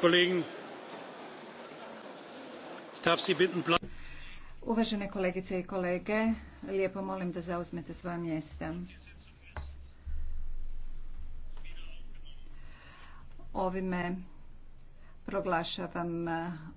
kolleginnen uvažene kolegice i kolege lijepo molim da zauzmete svoja mjesta. ovime proglašavam